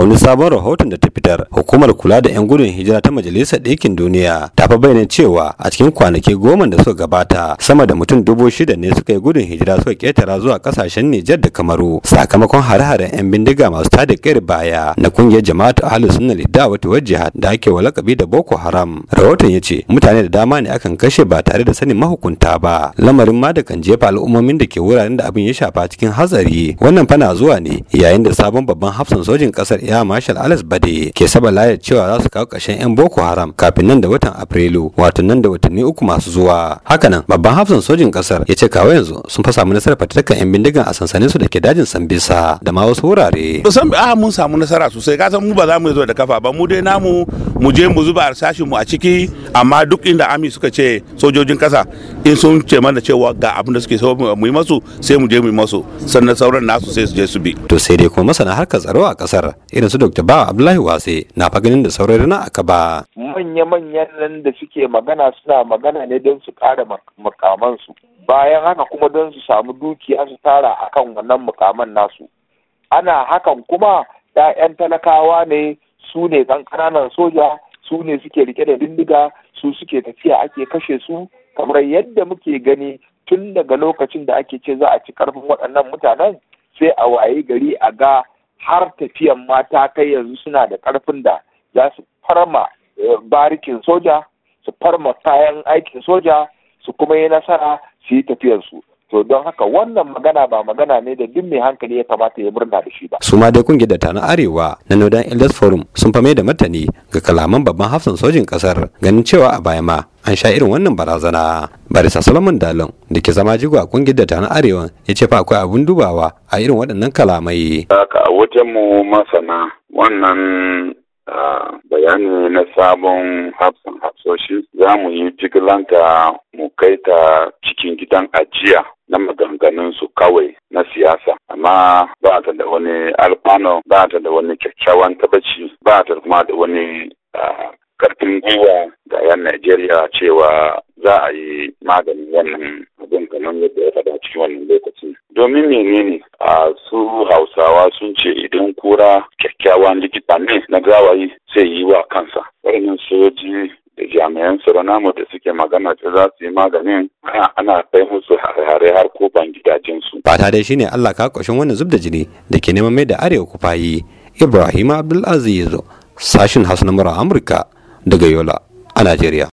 a wani sabon rahoton da ta fitar hukumar kula da 'yan gudun hijira ta majalisar ɗinkin duniya ta fi bayyana cewa a cikin kwanaki goma da suka gabata sama da mutum dubu shida ne suka yi gudun hijira suka ƙetara zuwa ƙasashen Nijar da Kamaru sakamakon hare-haren 'yan bindiga masu tada ƙir baya na kungiyar jama'atu ahli sunna lidawati wa jihad da ake wa lakabi da Boko Haram rahoton ya ce mutane da dama ne akan kashe ba tare da sanin mahukunta ba lamarin ma da kan jefa al'ummomin da ke wuraren da abin ya shafa cikin hatsari wannan fana zuwa ne yayin da sabon babban hafsan sojin ƙasar ya marshal alex bade ke saba layar cewa za su kawo ƙarshen 'yan boko haram kafin nan da watan afrilu wato nan da watanni uku masu zuwa hakanan babban hafsan sojin ƙasar ya ce kawo yanzu sun fa samu nasarar fatattakan 'yan bindigan a sansanin su da ke dajin sambisa da ma wasu wurare. san a ah, mun samu nasara sosai ka san mu ba za mu zo da kafa ba mu dai namu mu je mu zuba harsashin mu a ciki amma duk inda ami suka ce sojojin kasa in sun ce mana cewa ga abin da suke so mu yi masu sai mu je mu yi masu sannan sauran nasu sai su je su bi to sai dai kuma masana harkar tsaro a kasar irin su Dr. ba Abdullahi Wase na faganin da saurari na aka ba manya manyan nan da suke magana suna magana ne don su kara su bayan haka kuma don su samu dukiya su tara akan wannan mukaman nasu ana hakan kuma 'ya'yan talakawa ne su ne kan ƙananan soja su ne suke rike da bindiga su suke tafiya ake kashe su kamar yadda muke gani tun daga lokacin da ake ce za a ci karfin waɗannan mutanen sai a wayi gari a ga har tafiyan mata kai yanzu suna da karfin da za su farma eh, barikin soja su farma kayan aikin soja su kuma yi nasara su yi tafiyarsu to don haka wannan magana ba magana ne da duk mai hankali ya kamata ya murna da shi ba su dai kungiyar ta na arewa na Nodan elders forum sun fa mai da martani ga kalaman babban hafsan sojin kasar ganin cewa a baya ma an sha irin wannan barazana barisa solomon dalon da ke zama jigo a kungiyar da ta na arewa ya ce fa akwai abun dubawa a irin waɗannan kalamai haka a wajen mu masana wannan bayani na sabon hafsan hafsoshi za mu yi jigilanta mu kai ta cikin gidan ajiya amma ba ta da wani alfano ba ta da wani kyakkyawan tabbaci ba ta kuma da wani karfin gwiwa ga 'yan Najeriya cewa za a yi maganin wannan abin kamar yadda ya faɗa cikin wannan lokaci. Domin menene a su Hausawa sun ce idan kura kyakkyawan likita ne na gawayi sai yi wa ba namu da suke magana ce za su yi maganin ana kai musu hare-hare har ko gidajen gidajensu. Fata dai shine Allah ka kwashin wannan zub da jini da ke neman mai da arewa kufayi Ibrahim Abdulaziz sashin Hausa na Amurka daga Yola a Najeriya.